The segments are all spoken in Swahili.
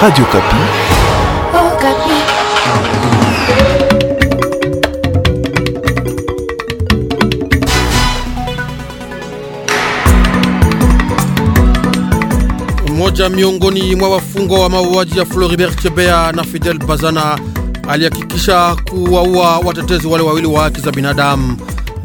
Radio Kapi. Oh, Kapi. Mmoja miongoni mwa wafungwa wa mauaji ya Floribert Chebea na Fidel Bazana alihakikisha kuwaua watetezi wale wawili wa haki za binadamu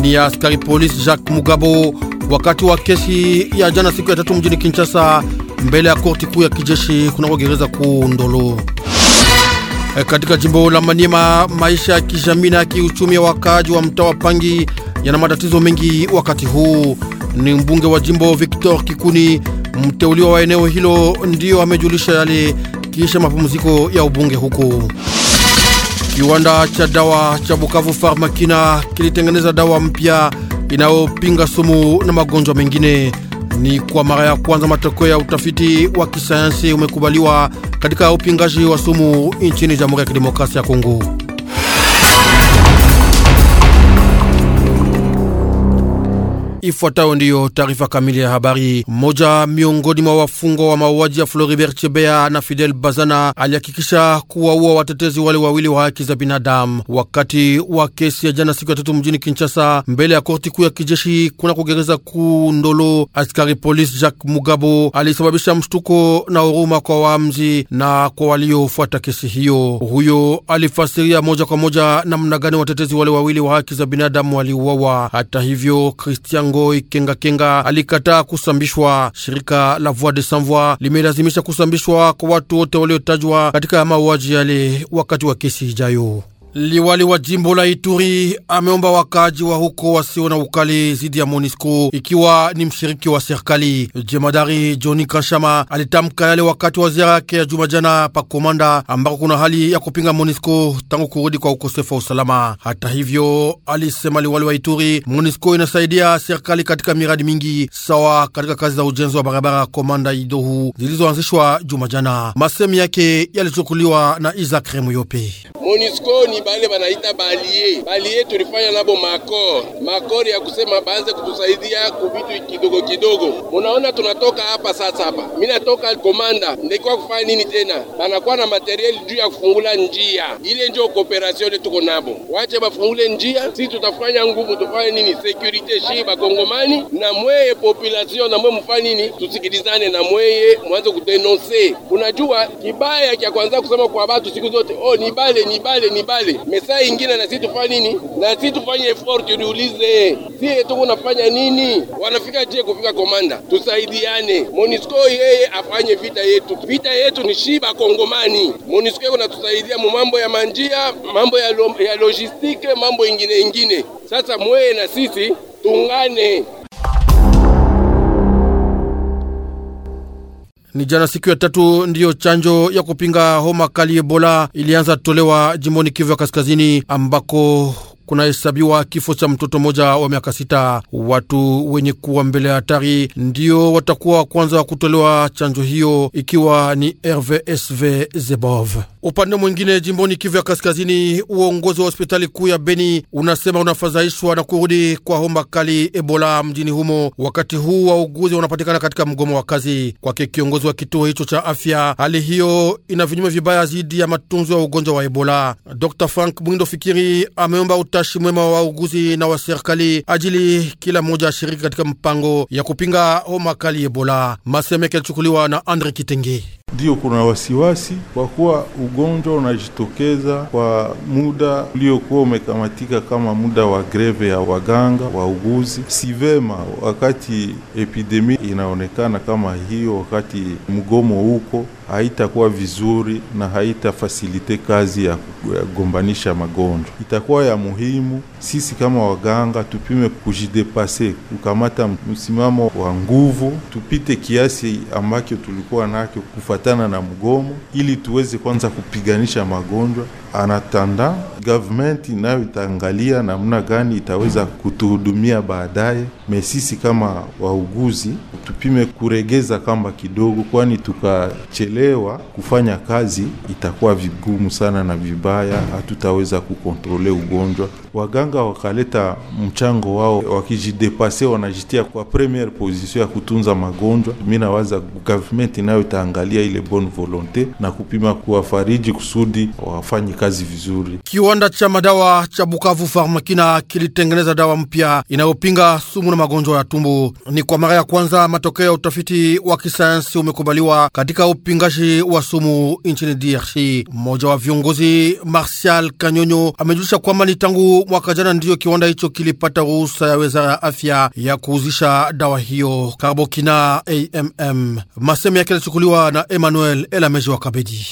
ni askari polisi Jacques Mugabo wakati wa kesi ya jana siku ya tatu mjini Kinshasa mbele ya korti kuu ya kijeshi kunako gereza kuu Ndolo. E, katika jimbo la Maniema maisha ya kijamii na kiuchumi ya wakaaji wa mtaa wa Pangi yana matatizo mengi wakati huu. Ni mbunge wa jimbo Victor Kikuni, mteuliwa wa eneo hilo, ndiyo amejulisha yale kisha mapumziko ya ubunge huko. Kiwanda cha dawa cha Bukavu Farmakina kilitengeneza dawa mpya inayopinga sumu na magonjwa mengine. Ni kwa mara ya kwanza matokeo ya utafiti wa kisayansi umekubaliwa katika upingaji wa sumu nchini Jamhuri ya Kidemokrasia ya Kongo. Ifuatayo ndiyo taarifa kamili ya habari. Mmoja miongoni mwa wafungwa wa mauaji ya Floribert chebea na Fidel Bazana alihakikisha kuwaua watetezi wale wawili wa haki za binadamu wakati wa kesi ya jana siku ya tatu mjini Kinshasa, mbele ya korti kuu ya kijeshi kuna kugereza kuu Ndolo. Askari polisi Jacques Mugabo alisababisha mshtuko na huruma kwa waamzi na kwa waliofuata kesi hiyo. Huyo alifasiria moja kwa moja namna gani watetezi wale wawili wa haki za binadamu waliuawa. Hata hivyo Christian Kongo ikengakenga alikataa kusambishwa. Shirika la Voix des Sans Voix limelazimisha kusambishwa kwa watu wote waliotajwa katika mauaji yale wakati wa kesi ijayo. Liwali wa jimbo la Ituri ameomba wakaji wa huko wasio na ukali zidi ya Monisco ikiwa ni mshiriki wa serikali. Jemadari Johni Kashama alitamka yale wakati wa ziara yake ya juma jana pa Komanda, ambako kuna hali ya kupinga Monisco tangu kurudi kwa ukosefu wa usalama. Hata hivyo, alisema liwali wa Ituri, Monisco inasaidia serikali katika miradi mingi sawa katika kazi za ujenzi wa barabara Komanda Idohu zilizoanzishwa juma jana. Masemi yake yalichukuliwa na Isaac Remuyope. Monisco ni bale banaita balie balie, tulifanya nabo makor makor ya kusema baanze kutusaidia kuvitu kidogo kidogo. Munaona tunatoka hapa sasa, hapa mimi natoka komanda, ndikuwa kufanya nini tena? Banakuwa na materieli juu ya kufungula njia ile, ndio cooperation tuko nabo, wache bafungule njia, si tutafanya nguvu, tufanye nini security shi bakongomani na mweye population na mweye mfanye nini, tusikilizane na mweye mwanze kudenonse. Unajua kibaya cha kwanza kusema kwa watu siku zote, oh ni bale ni bale ni bale kweli mesaa ingine, na sisi tufanye nini? Na sisi tufanye effort, niulize sie tuko unafanya nini? Wanafika je kufika komanda? Tusaidiane, Monisco yeye afanye vita yetu. Vita yetu ni shiba Kongomani. Monisco kunatusaidia mu mambo ya manjia, mambo ya, lo, ya logistike, mambo ingine ingine. Sasa mweye na sisi tungane. Ni jana siku ya tatu ndiyo chanjo ya kupinga homa kali Ebola ilianza tolewa jimboni Kivu ya Kaskazini ambako kunahesabiwa kifo cha mtoto mmoja wa miaka sita. Watu wenye kuwa mbele ya hatari ndio watakuwa wa kwanza kutolewa chanjo hiyo, ikiwa ni RVSV Zebov. Upande mwingine, jimboni Kivu ya Kaskazini, uongozi wa hospitali kuu ya Beni unasema unafadhaishwa na kurudi kwa homa kali Ebola mjini humo, wakati huu wauguzi wanapatikana katika mgomo wa kazi. Kwake kiongozi wa kituo hicho cha afya, hali hiyo ina vinyume vibaya zidi ya matunzo ya ugonjwa wa Ebola. Dr Frank Mwindo Fikiri ameomba utashi mwema wa wauguzi na wa serikali ajili kila mmoja ashiriki katika mpango ya kupinga homa kali Ebola. Masemeke alichukuliwa na Andre Kitenge. Ndiyo, kuna wasiwasi kwa kuwa ugonjwa unajitokeza kwa muda uliokuwa umekamatika kama muda wa greve ya waganga wauguzi. Si vema wakati epidemi inaonekana kama hiyo, wakati mgomo huko haitakuwa vizuri na haitafasilite kazi ya kugombanisha magonjwa, itakuwa ya muhimu elimu, sisi kama waganga tupime kujidepase, kukamata msimamo wa nguvu, tupite kiasi ambacho tulikuwa nacho kufatana na mgomo, ili tuweze kwanza kupiganisha magonjwa anatanda government nayo itaangalia namna gani itaweza kutuhudumia baadaye mesisi kama wauguzi tupime kuregeza kamba kidogo, kwani tukachelewa kufanya kazi itakuwa vigumu sana na vibaya, hatutaweza kukontrole ugonjwa. Waganga wakaleta mchango wao, wakijidepase wanajitia kwa premiere position ya kutunza magonjwa. Mi nawaza government nayo itaangalia ile bonne volonte na kupima kuwafariji kusudi wafanye kazi vizuri. Kiwanda cha madawa cha Bukavu Farmakina kilitengeneza dawa mpya inayopinga sumu na magonjwa ya tumbo. Ni kwa mara ya kwanza matokeo ya utafiti wa kisayansi umekubaliwa katika upingashi wa sumu nchini DRC. Mmoja wa viongozi Martial Kanyonyo amejulisha kwamba ni tangu mwaka jana ndiyo kiwanda hicho kilipata ruhusa ya wizara ya afya ya kuuzisha dawa hiyo Carbokina AMM. Maseme yake yalichukuliwa na Emmanuel Elameji wa Kabedi.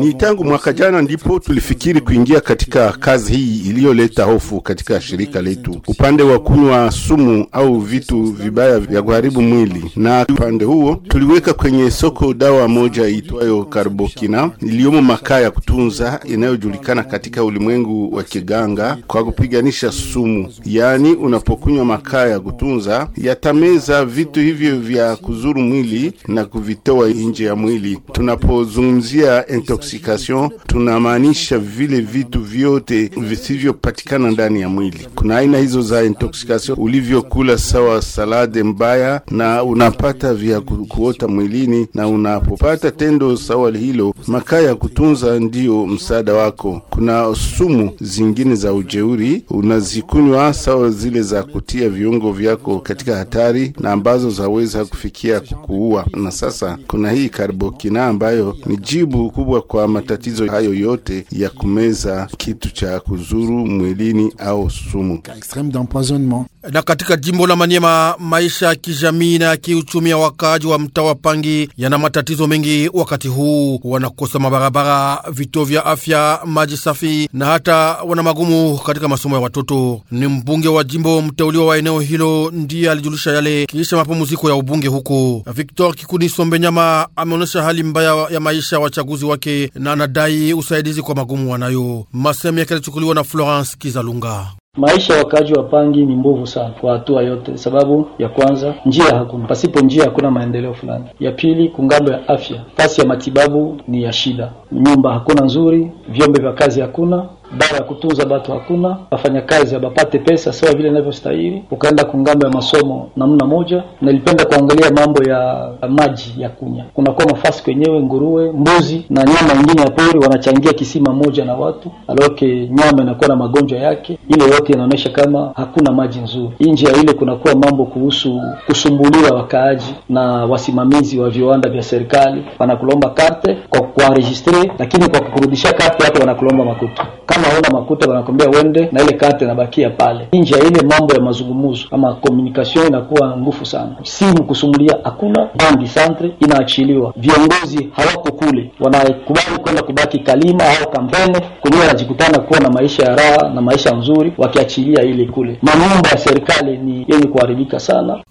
Ni tangu mwaka jana ndipo tulifikiri kuingia katika kazi hii iliyoleta hofu katika shirika letu upande wa kunywa sumu au vitu vibaya vya kuharibu mwili. Na upande huo tuliweka kwenye soko dawa moja iitwayo Karbokina iliyomo makaa ya kutunza inayojulikana katika ulimwengu wa kiganga kwa kupiganisha sumu, yaani unapokunywa makaa ya kutunza yatameza vitu hivyo vya kuzuru mwili na kuvitoa nje ya mwili. Tunapozungumzia intoxication, tunamaanisha vile vitu vyote visivyopatikana ndani ya mwili. Kuna aina hizo za intoxication intoxication ulivyokula sawa salade mbaya, na unapata vya kuota mwilini, na unapopata tendo sawa hilo, makaa ya kutunza ndiyo msaada wako. Kuna sumu zingine za ujeuri unazikunywa sawa zile za kutia viungo vyako katika hatari, na ambazo zaweza kufikia kukuua. Na sasa kuna hii karbokina ambayo ni jibu kubwa kwa matatizo hayo yote ya kumeza kitu cha kuzuru mwilini au sumu environnement. Na katika jimbo la manyema maisha ya kijamii na ya kiuchumi ya wakaaji wa mtaa wa Pangi yana matatizo mengi. Wakati huu wanakosa mabarabara, vituo vya afya, maji safi na hata wana magumu katika masomo ya watoto. Ni mbunge wa jimbo mteuliwa wa eneo hilo ndiye alijulisha yale kiisha mapumziko ya ubunge huko. Victor Sombe Nyama ameonyesha hali mbaya ya maisha ya wachaguzi wake na anadai usaidizi kwa magumu wanayo. Masemi yake alichukuliwa na Florence Kizalunga. Maisha wakaaji wa Pangi ni mbovu sana kwa hatua yote. Sababu ya kwanza, njia hakuna, pasipo njia hakuna maendeleo fulani. Ya pili, kungambo ya afya, fasi ya matibabu ni ya shida, nyumba hakuna nzuri, vyombe vya kazi hakuna dawa ya kutunza batu hakuna, kazi abapate pesa sawa vile inavyostahili. Ukaenda kungambo ya masomo namna moja, nilipenda kuangalia mambo ya maji ya kunya, kunakuwa nafasi kwenyewe, nguruwe, mbuzi na nyama ingine ya pori wanachangia kisima moja na watu aloke, nyama inakuwa na magonjwa yake, ile yote inaonyesha kama hakuna maji nzuri. Nje ya ile kunakuwa mambo kuhusu kusumbuliwa wakaaji na wasimamizi wa viwanda vya serikali, wanakulomba karte kwa kuwaregistre, lakini kwa kukurudisha karte hapo wanakulomba makutu. Kama hauna makuta wanakwambia wende na ile kate inabakia pale. Nje ya ile mambo ya mazungumzo ama communication inakuwa ngufu sana, simu kusumulia hakuna bandi centre inaachiliwa, viongozi hawako kule, wanakubali kwenda kubaki Kalima au Kamvene kwenyewe, wanajikutana kuwa na maisha ya raha na maisha nzuri, wakiachilia ile kule. Manyumba ya serikali ni yenye kuharibika sana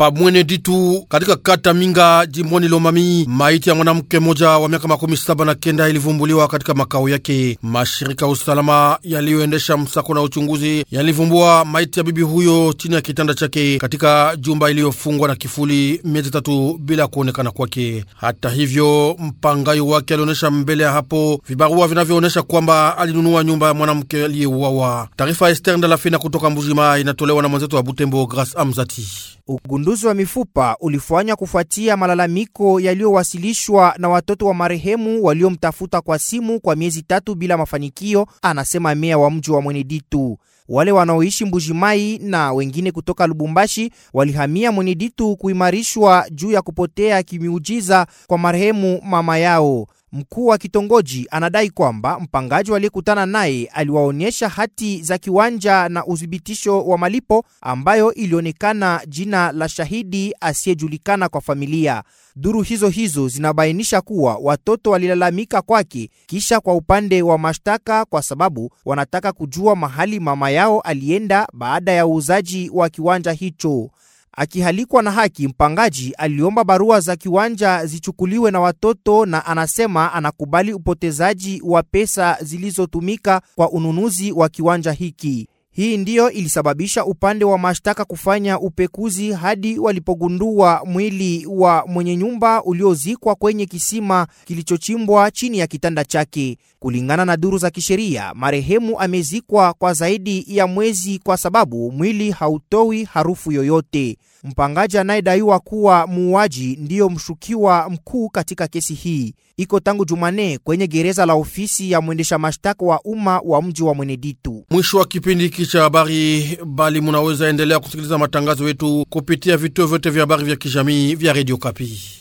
pamwene Ditu katika kata Minga jimboni Lomami. Maiti ya mwanamke moja wa miaka makumi saba na kenda ilivumbuliwa katika makao yake. Mashirika ya usalama yaliyoendesha msako na uchunguzi yalivumbua maiti ya bibi huyo chini ya kitanda chake katika jumba iliyofungwa na kifuli miezi tatu bila kuonekana kwake. Hata hivyo, mpangayo wake alionyesha mbele ya hapo vibarua vinavyoonyesha kwamba alinunua nyumba ya mwanamke aliyeuawa. Taarifa ya Ester Ndalafina kutoka Mbujimai inatolewa na mwenzetu wa Butembo, Grace Amzati. Ugundu uchunguzi wa mifupa ulifanywa kufuatia malalamiko yaliyowasilishwa na watoto wa marehemu waliomtafuta kwa simu kwa miezi tatu bila mafanikio, anasema meya wa mji wa Mweneditu. Wale wanaoishi Mbujimai na wengine kutoka Lubumbashi walihamia Mweneditu kuimarishwa juu ya kupotea kimiujiza kwa marehemu mama yao. Mkuu wa kitongoji anadai kwamba mpangaji aliyekutana naye aliwaonyesha hati za kiwanja na uthibitisho wa malipo ambayo ilionekana jina la shahidi asiyejulikana kwa familia. Duru hizo hizo zinabainisha kuwa watoto walilalamika kwake, kisha kwa upande wa mashtaka, kwa sababu wanataka kujua mahali mama yao alienda baada ya uuzaji wa kiwanja hicho. Akihalikwa na haki, mpangaji aliomba barua za kiwanja zichukuliwe na watoto na anasema anakubali upotezaji wa pesa zilizotumika kwa ununuzi wa kiwanja hiki. Hii ndiyo ilisababisha upande wa mashtaka kufanya upekuzi hadi walipogundua mwili wa mwenye nyumba uliozikwa kwenye kisima kilichochimbwa chini ya kitanda chake. Kulingana na duru za kisheria, marehemu amezikwa kwa zaidi ya mwezi kwa sababu mwili hautoi harufu yoyote. Mpangaji anayedaiwa kuwa muuaji ndiyo mshukiwa mkuu katika kesi hii, iko tangu Jumane kwenye gereza la ofisi ya mwendesha mashtaka wa umma wa mji wa Mweneditu. Mwisho wa kipindi hiki cha habari, bali munaweza endelea kusikiliza matangazo yetu kupitia vituo vyote vya habari vya kijamii vya redio Kapi.